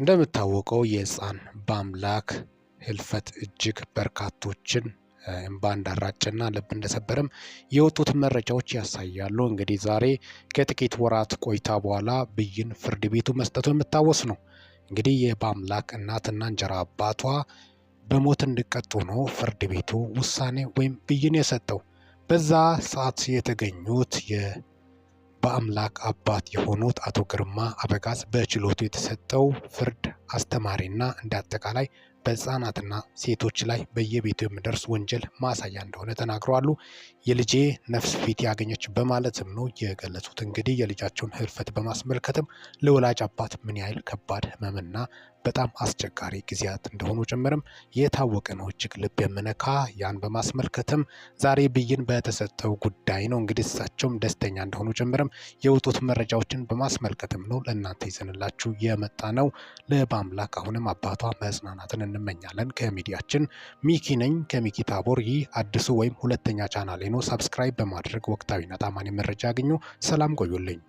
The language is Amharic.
እንደሚታወቀው የህፃን በአምላክ ህልፈት እጅግ በርካቶችን እምባ እንዳራጨና ልብ እንደሰበርም የወጡት መረጃዎች ያሳያሉ። እንግዲህ ዛሬ ከጥቂት ወራት ቆይታ በኋላ ብይን ፍርድ ቤቱ መስጠቱ የሚታወስ ነው። እንግዲህ የበአምላክ እናትና እንጀራ አባቷ በሞት እንዲቀጡ ነው ፍርድ ቤቱ ውሳኔ ወይም ብይን የሰጠው። በዛ ሰዓት የተገኙት በአምላክ አባት የሆኑት አቶ ግርማ አበጋዝ በችሎቱ የተሰጠው ፍርድ አስተማሪና እንደ አጠቃላይ በህፃናትና ሴቶች ላይ በየቤቱ የሚደርስ ወንጀል ማሳያ እንደሆነ ተናግረዋሉ። የልጄ ነፍስ ፊት ያገኘች በማለትም ነው የገለጹት። እንግዲህ የልጃቸውን ህልፈት በማስመልከትም ለወላጅ አባት ምን ያህል ከባድ ህመምና በጣም አስቸጋሪ ጊዜያት እንደሆኑ ጭምርም የታወቀ ነው። እጅግ ልብ የምነካ ያን በማስመልከትም ዛሬ ብይን በተሰጠው ጉዳይ ነው እንግዲህ እሳቸውም ደስተኛ እንደሆኑ ጭምርም የወጡት መረጃዎችን በማስመልከትም ነው ለእናንተ ይዘንላችሁ የመጣ ነው። ለበአምላክ አሁንም አባቷ መጽናናትን እንመኛለን። ከሚዲያችን ሚኪ ነኝ፣ ከሚኪ ታቦር። ይህ አዲሱ ወይም ሁለተኛ ቻናሌ ነው። ሰብስክራይብ በማድረግ ወቅታዊና ታማኝ መረጃ ያገኙ። ሰላም ቆዩልኝ።